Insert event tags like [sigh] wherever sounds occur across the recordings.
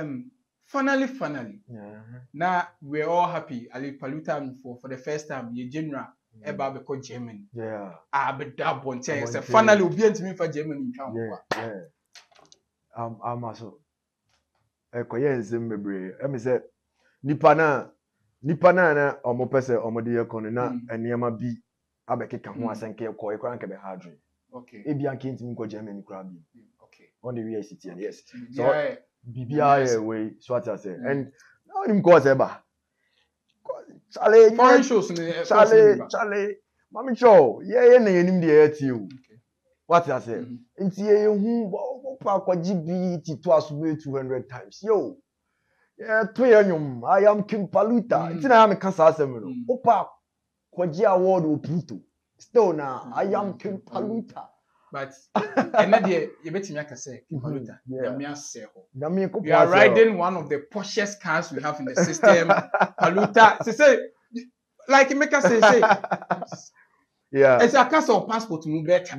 um, finally, finally, yeah. now we're all happy. Ali Palutan for for the first time, You general. Mm. become German. Yeah. Ah, but that bɛda abɔnten sɛ finally obi ntumi nfa germany ntwa nkwa ama so ɛkɔyɛ nsɛm bebree ɛmi sɛ nipa naa nipa naa na ɔmo pɛ sɛ ɔmo de yɛ kɔ no na mm. eh, nneɛma bi abɛkeka ho asɛnke kɔ ekora nkɛbɛ ha adwene ebi anke ntumi nkɔ germany koraa bi ɔn de wi ɛsi tiɛ yes mm, so biribi ayɛ wei so ati ase hmm. and na onim course ɛba chale yɛ chale chale maame kyerɛw yɛyɛ na yɛnim deɛ yɛ tie o wati ase nti yɛyɛ hu wɔkɔ akɔgye bi ti to aso bɛyɛ two hundred times yo. yɛ o yɛto yɛ nwom ayam kimpaluta nti mm. na yɛ meka saa asɛm no mm. wɔkɔ akɔgye award wɔ pluto still na ayam mm. kimpaluta. but [laughs] ɛnna deɛ yɛbɛtumi aka sɛ kipaluta mm-hmm. nyame asɛ hɔ you are riding one of the poshest cars we have in the system paluta sɛ say, like meka sɛ say, say, yeah. sɛ ɔ passport mu bɛɛsɛ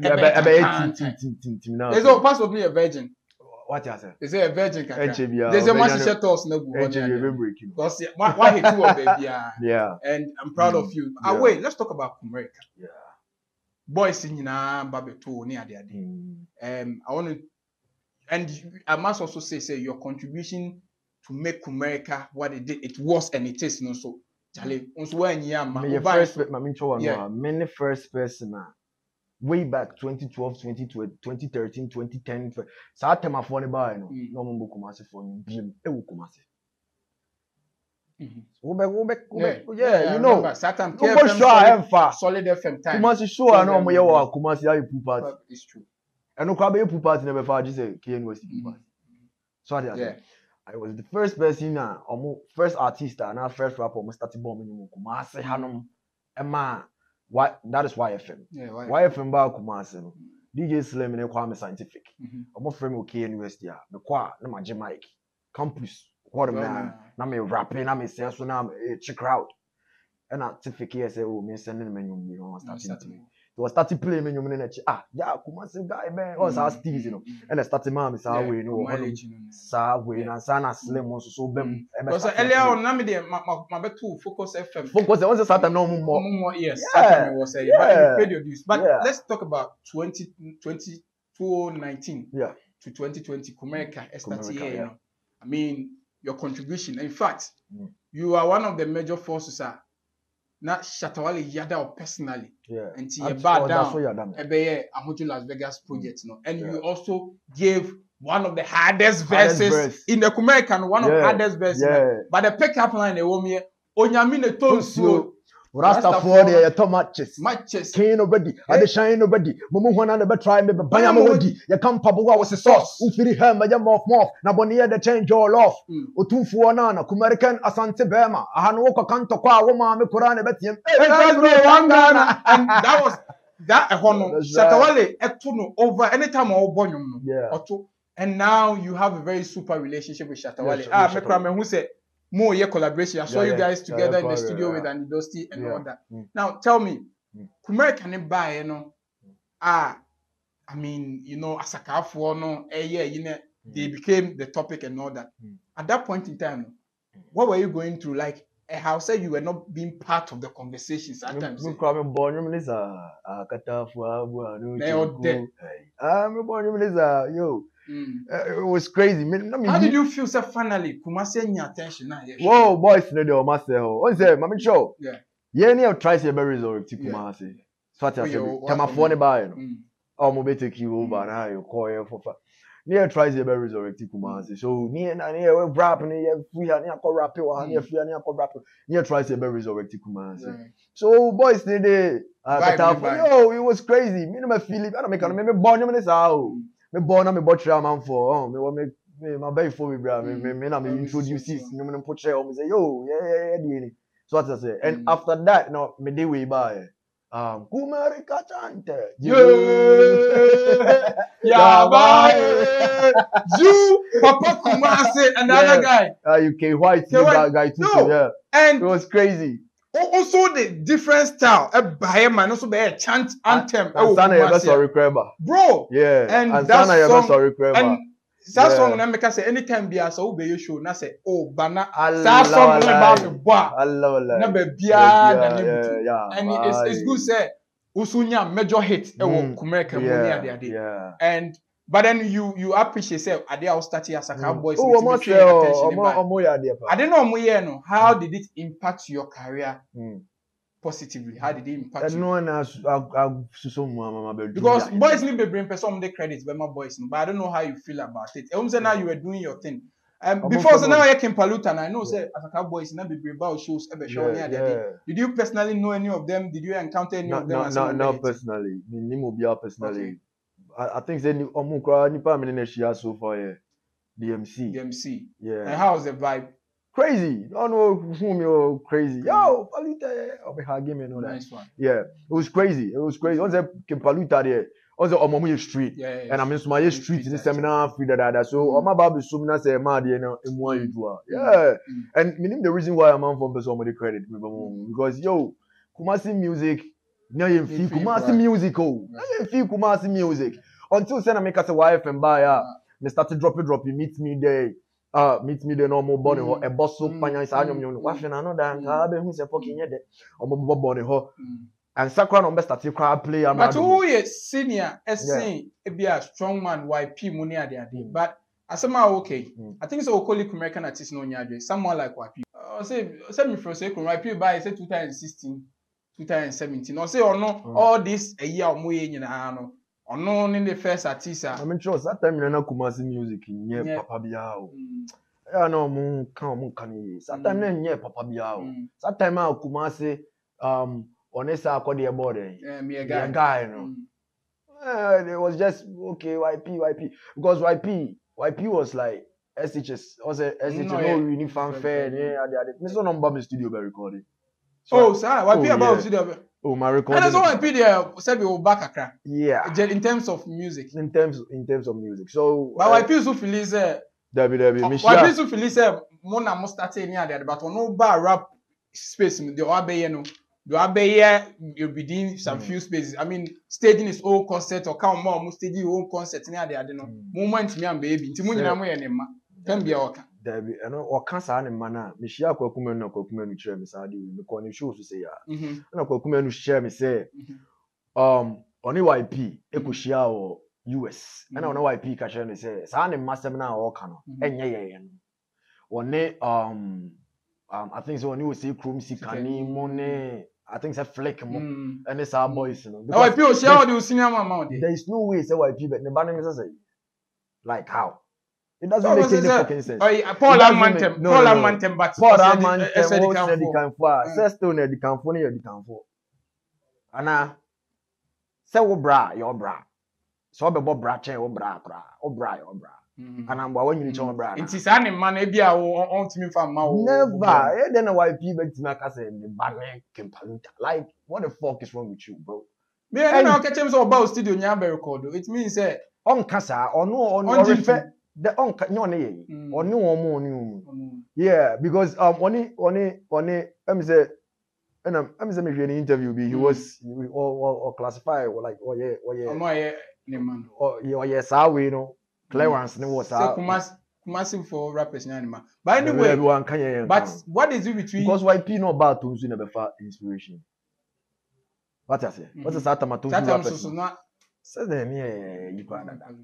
ɔ passport mu yɛ virgin wati ase. ɛ virgin kaka ɛnkyɛ bia ɛ sɛ mo ahyehyɛ tɔɔs na gu hɔ ɛnkyɛ bia ebe break you. because wa wa hit you wɔ baabi and i'm proud mm. of mm-hmm. you. away ah, yeah. let's talk about America. Yeah. boys nyinaa ba bɛtoo ne adeade um, hmm. i want to and i must also say say your contribution to make America what it did, it was and it is no so Charlie, nso wanyi ama. Me first, maame nkyɛn wa no, many first person a way back 2012 2013 2010 saa temafoɔ ne baa yi no hmm. na ɔmo mbɔ kumase fo no biem ewu kumase wobɛ wobɛ wobɛ yeah you know wobɔ sɔ a ɛnfa kumasi sɔ a n'ɔmo yɛ wɔ kumasi ayi pool party ɛnu kɔ abɛyɛ pool party na bɛ fa agye sɛ kn west pool mm-hmm. party so adi ase i was the first person na ɔmo first artist a na first rapper ɔmo start bɔ ɔmo nimu kumasi hanom Emma, why? that is why yfm yeah, yfm baa kumasi no dj slim ne kwame scientific ɔmo fɛ mi o kn west a mɛ kɔ a na ma mic campus hɔ nom na na me rappe na me sɛ so na eh, ɛkyi crowd ɛna tifik yɛ sɛ o me nsɛn ne ma nnwom bi no starting to me they were starting playing me ne n'akyi ah ya kuma se guy bɛn ɔ saa steez no ɛna starting maa mi saa wei no wɔ hɔ nom saa wei na saa na slim nso oh, so bɛm ɛbɛ starting. ɛlɛ ɔn na deɛ ma ma bɛ tu focus fm. focus fm wọn sɛ saa time na mɔ. ɔmu mɔ yes saa time wɔ sɛ yɛ but yeah. to 2020 Kumeka your contribution. In fact, mm. you are one of the major forces are na Shatawale or personally. Yeah. And to your bad down Ebeye Amoju Las Vegas project. No. And yeah. you also gave one of the hardest, hardest verses verse. in the American, one yeah. of hardest verses. Yeah. But the pick up line they won me, Onyamine Tonsu. Rasta rastafoɔ deɛ yɛtɔ matches kee no bɛdi adehyɛn no bɛdi mo mu hɔn ano bɛtra mi bɛbanya mo wodi yɛka mpaboa a wɔsi sauce Ufiri hɛm ɛyɛ mɔf mɔf na bɔnni yɛ dɛkyɛn jɔlɔf otumfoɔ hmm. naa na kumarikan asante bema. ahanu wokɔ kantɔkɔ a wɔn maame koraa na ɛbɛtiɛ m. that ɛhɔ eh, [laughs] no shatawale ɛto no over time or nwom no ɔto and now you have a very super relationship with shatawale ah mekura mehu sɛ. more year collaboration. I saw yeah, you guys yeah, together in the studio with Andy Dusty and all that. Mm. Now tell me, mm. Kumar can buy, you know, mm. ah, I mean, you know, Asakafu, no, eh, yeah, you know, they mm. became the topic and all that. Mm. At that point in time, what were you going through? Like, I have said, you were not being part of the conversations at times. Eh? Me ah, eh. ah, yo. Mm. Uh, it was crazy. Me, no, me, How did you feel, sir, finally? Kumasi any attention now? Yes, Whoa, boys, no, they were myself. Oh. What's that, Mami show. Yeah. Yeah, ni try say very sorry to Kumasi. So I tell oh, you, come up for the buy, you know. Oh, mo be take you over now. You call here for fun. Ni try say very sorry to Kumasi. Mm. So ni na ni we rap ni free ni akọ rap wa ni mm. free ni akọ rap. Ni try say very sorry to Kumasi. So boys, they they. Uh, yo, it was crazy. Me no me feel it. I don't make no mm. me born no me this out. Oh. me born and me bought Real man for. Oh, me want me me my baby for me bro. Me me mm. me na me introduce this. Me me put Real. Me say yo yeah yeah yeah doing it. So what I say. And mm. after that no me dey way by. Eh. Um, Kumari Kachante. [laughs] Yabai. Eh. Eh. You, Papa Kumase, another yeah. guy. Uh, you K White, that guy too. No. So, yeah. And it was crazy also the different style ɛbaayɛ ma no so bɛyɛ chant anthem ɛwɔ oh, kumase bro yeah and that song and that song na meka say anytime bi asa wobɛyɛ show na say oh bana na saa song na ba mi Allah Allah. na baabiara na ne butu and it's it's good say. Usunya major hit ɛwɔ kumɛ kɛmɔ ne adeade and but then you you appreciate say ade a start as a cowboy. Oh, ọmọ tẹ ọ ọmọ ọmọ yẹ adeɛ pa. Ade na ọmọ yẹ no how did it impact your career? Mm. Positively, how did it impact you? Ẹnu ẹna soso mu ama ma bẹ Because boys ni bebree n pẹ sọ credit bẹ my boys but I don't know how you feel about it. Ehun sẹ now you were doing your thing. Um, before so now I came Paluta and I know say cowboy, is not be about shows ebe show near there. Did you personally know any of them? Did you encounter any no, of them? No, no, no, personally. Me ni me, personally. Okay. I, I think say ọmụ koraa nipa amị na-ehyia so far yɛ DMC. DMC. Yeah. And how's the vibe? crazy. No, no, whom oh, you're crazy. Yo, Paluta, eh, I'll give me no Nice one. Yeah, it was crazy. It was crazy. Once I came Paluta there, once I'm on street, yeah, yeah, and I'm in Sumaya street in the seminar, free that, that. So, mm. my baby, Sumina say, Mad, you know, in one you do. Yeah. Mm. And meaning the reason why I'm on from Pesomodi credit, because yo, Kumasi music na yɛmfi kumase music o na yɛmfi kumase music until sɛ na meka sɛ wayɛfɛ mbaeɛ a me starte drope drope meet me there uh, meet me there na ɔmo bɔ ne hɔ ɛbɔ so panyan saa nyɔm nyɔm no wafɛ na ano da mm. nka abɛhu sɛ pɔkin yɛ dɛ ɔmo bɔ bɔ ne hɔ mm. ansa koraa na ɔmo bɛ starte koraa play ama do. but wo yɛ senior ɛsɛn e ebi a strong man yp mu ne ade ade mm. but asɛm a okay mm. i think sɛ okoli kumɛrika na tisi na onyaa dwe someone like wapi ɔsɛ ɔsɛ mi fɛ ɔsɛ ekuru wapi baa yɛ sɛ two thousand sixteen. 2017 ɔsɛ ɔno all this ɛyi a ɔmo yɛ nyinaa no ɔno ne ne first artist a. maame kyerɛ ɔsa time nyina na kumasi music nyɛ papa biara o ɛyà na ɔmo ka ɔmo nka ne yie sa time mm. na nyɛ papa biara o sa mm. time ah, um, a kumasi ɔne sa akɔdeɛ bɔɔdɛ yɛ guy no ɛɛ mm. eh, it was just okay yp yp because yp yp was like shs ɔsɛ shs no Yeah. ni fanfare Yeah. Yeah. Yeah. mi sɔ nɔmba mi studio bɛ recording oh, sir, why oh, yeah. about yeah. Oh, my recording. And that's why Wikipedia said we will back a crack. Yeah. In terms of music. In terms in terms of music. So. But why people feel say. WW. Michelle. Why people feel say more than most start any other, but on no bar rap space the Obey no. The be doing some mm. few spaces. I mean, staging his own concert or come more, stage your own concert any other, no. Mm. Moment me and baby. Timu nyina mo ye ma. Can be a worker daabi ɛno ɔka saa ne mma no a mehyia akwakumanu na akwakumanu kyerɛ me saa de wei mekɔ ne show so sɛ yɛ a mhm. na akwakumanu hyɛ me sɛ mhm. um ɔne yp mhm. ɛkɔhyia wɔ us ɛna ɔne yp ka kyerɛ no sɛ saa ne mma sɛm no a ɔɔka no ɛnyɛ yɛyɛ no ɔne um um i think sɛ ɔne wɔ sɛ kurom sikane mu ne I think it's flick mo mm. and it's mm. boys, you YP o YP will share all the senior amount. There is no way say YP, but the banner is say, like how? It doesn't no, make any fucking sense. Uh, Paul Amantem, no, Paul Amantem, but Paul Amantem was Eddie Kanfo. Mm. Say Stone Eddie Kanfo, ni Eddie Kanfo. Ana, say wo bra, your bra. So be bo bra chen, wo bra kra, wo bra, your bra. Mm-hmm. Anambra wɔn nyiri kyɛn bra. Mm-hmm. Nti saa ne mma no ebi a ɔntumi fa mma wo. Never. Ɛyɛ dɛ na wa people bɛtumi aka sɛ ne ba ne kempaluta. Like what the fuck is wrong with you bro? Mi ɛna ɔkɛkyɛm sɛ ɔba o studio nya abɛrekɔdo. It means sɛ. Ɔnka saa ɔno ɔno ɔrefɛ the onka nye ɔne yɛ yi ɔne wɔn mu ɔne wɔn yeah because um ɔne ɔne ɔne say, sɛ ɛna ɛmi sɛ mi hwɛ ne interview bi mm. he was or, or, or classify or like ɔyɛ ɔyɛ ɔmo ayɛ ne ma no ɔ yeah, saa wei know, clearance ne wɔ saa. sɛ kumasi for rappers na ne ma but anyway but what is it between. because yp no ba to use nsu na bɛ fa inspiration wati ase wati saa tama to nsu rappers. That's tama soso na. sɛ de ne yɛ yipa dada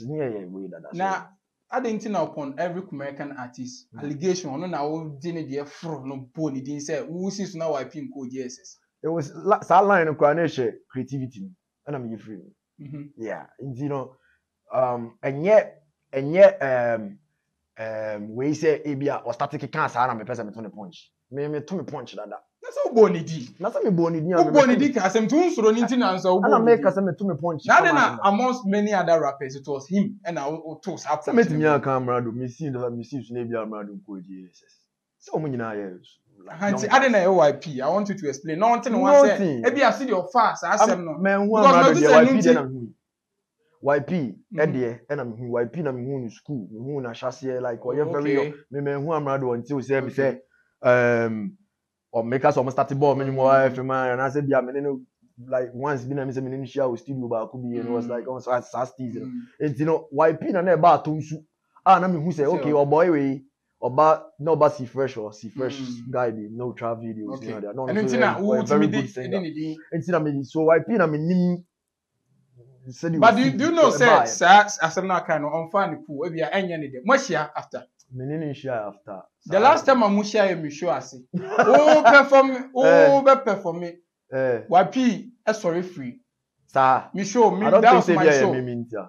ne yɛ wei dada. na adan ti na upon every american artist mm. allegation ɔno na ɔdi ne deɛ foro no bo ne din sɛ wusi so na wa pin ko jss. it was la saa line no koraa mm-hmm. um, um, um, na ehyɛ creativity mu ɛna mi yi firi mu. yeah nti no ɛnyɛ ɛnyɛ wei sɛ ebi a ɔstati keka saa na mepɛ sɛ meto ne punch me meto me punch dada sɛ wobɔ ne di wobɔ ne di ka asɛm to nsoro ne nti na nsa wobɔnade na amongst many other rappers it was him ɛna wotoo saa pɔmɛtumi aka amrado mesii dɔsa mesii so na bi amrado nkɔɔdi ss sɛ ɔmo nyinaa yɛ hanti ade na ɛwɔ YP. i want you to explain na ɔnte ne wa sɛ ebi ase deɛ ɔfa saa asɛm no because na ɔtí sɛ ɛnu ti yp ɛdeɛ ɛna mehu yp na mehu in school mehu a chassis like ɔyɛ very yɔ memɛhu amrado ɔnte wo sɛ me sɛ or make us almost start ball many more if mm. man and I said yeah man like once been me say me share with studio but could be and was mm. like oh so as as season mm. it's you know why pin and about to su ah na me who say okay or oh, boy we ọba náà ọba si fresh ọ oh, si fresh guy dey no travel videos okay. you know, no, ẹni tí na wo ti mi di ẹni ni di ẹni na mi so yp na mi ni but do you, do you know say saa asem na kan no ọmfa ne pool ebi a ẹnyẹ ne dẹ mo ahyia after menene share after. the last time a mo share mi show ase o perform o eh. bɛ perform eh. wapi ɛsɔre eh, free. Sir, me show me that was my show.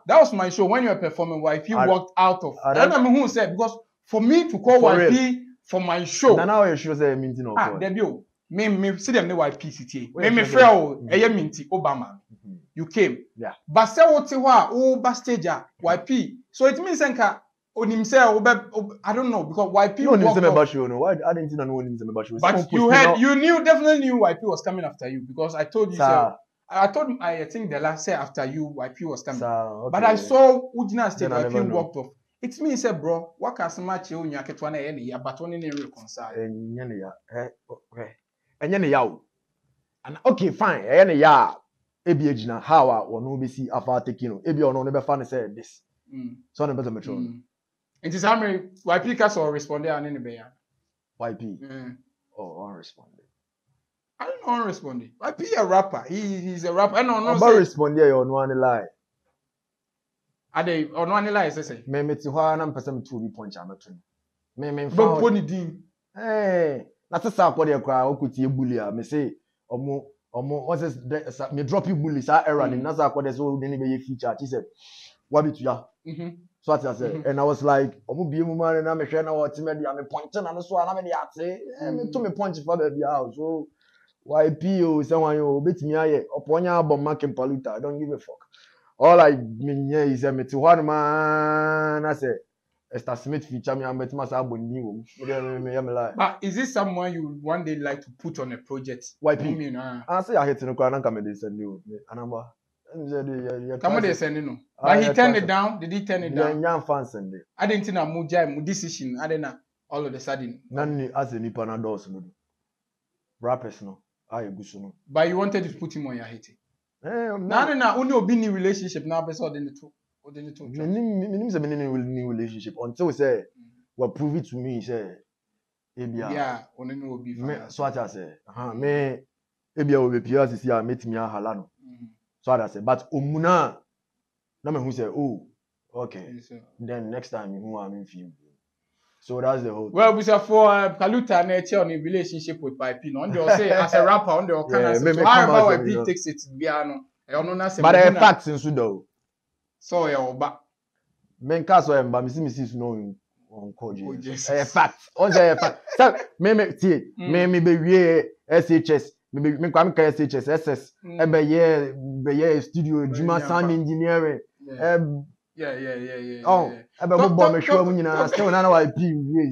That was my show when you were performing. Why you walked out of? I don't know who said because for me to call for YP for my show. Na now your show say me nti na call. Ah, debi o. Oh. Me me see them no YP CTA. Me me frɛ o, ɛyɛ me nti Obama. Mm-hmm. You came. Yeah. But say wo te hɔ oh, a wo ba stage a ah, YP. So it means nka Onimse, Obe, I don't know because YP. You know Onimse Mebashi, you no. Why I didn't know Onimse Mebashi. But you had, you knew definitely knew YP was coming after you because I told you. Sir. I told I think the last say after you YP was coming. Sir, okay. But I saw Ujina State YP walked off. It means said, bro, what can match you eh, when you get one eh, any ya but one in reconcile. Enye eh, ne ya. Eh okay. Enye ya oh. And okay fine, enye ne ya. Ebi ejina how a ah, wono be see after taking oh, no. Ebi ono ne be fa ne say this. Mm. So na better metro. Mm nti saa mmiri yp ka sọ ọresponde a ne ne bɛyɛ. yp ɔ mm. ɔnresponde. Oh, i don't know ɔnresponde yp yɛ rapper he is a rapper ɛna ɔno sɛ. ɔba responde yɛ ɔno ani lie. ade ɔno ani lie sɛsɛ. mɛmɛ ti hɔ ara na mpɛsɛ mi tu obi pɔnkye amɛto no mɛmɛ nfa. bɛ po ne din. ɛɛ na sisan akɔ deɛ koraa ɔkuti ebuli a mɛ se ɔmo ọmọ ọsẹ mi drop you e bully saa era ni mm. nasa akọdẹ so ọdún ní bẹ yẹ feature àti sẹ wàbí tuya Mm-hmm. so ati ase mm-hmm. and i was like ọmọ bi mu maa na mehwẹ na ọtí mẹ di a mi pọnkye na ne so a na mi di ate mi tó mi pọnkye fa baabi a so yp o sẹwọn yẹn o obetumi ayẹ ọpọ onye abọ mma kempaluta i don't give a fuck all i mean nyẹ is sẹ eh, mi ti hɔ anum na sẹ esther smith feature mi amẹ tí ma sẹ abọ ní wọm mi dẹ mi mi yẹ mi láyé. but is this someone you one day like to put on a project. yp anase ah, yà ahẹ́tì ni kura anankamẹ́dẹ́sẹ̀ ni o anamba kàmú de sẹni no ah, but he turned it down did he turn it down. yẹn yan fan sẹni. adi nti na mu jai mu decision adi na all of a sudden. nani ase nipa na dɔɔso no do rappers no a egu so no. but you wanted to put him on your head. naani eh, um, na o ni obi ni relationship na apɛ sɛ ɔde ne to ɔde ne to. minim sɛ mi ni ni relationship until sɛ mm. wa prove it to me sɛ ebia. ebia ɔne ni obi fa. so ati ase mi ebia o bɛ pia sisi a mi ti mi ahala no so ada sɛ but Omuna, na na who say, oh okay yes, then next time who a in mu So that's the whole. Thing. Well, Busafo, uh, Kaluta na eche on a relationship with Pipe. No, they say as a rapper, on the Okana. Yeah, so, so however, when Pipe takes it, be ano. Ono na se. But the facts in Sudo. So ya oba. Oh, Men kaso emba misi misi suno yu on koji. Oh, yes. Eh fact. On se fact. So me me tie [laughs] mm. me me be wie SHS mekwa mekɔ shs ss ɛbɛyɛ mm. bɛyɛ studio adwuma sound engineering ɛbɛbobɔ mehwɛ mu nyinaa sɛ wona na wapii wiei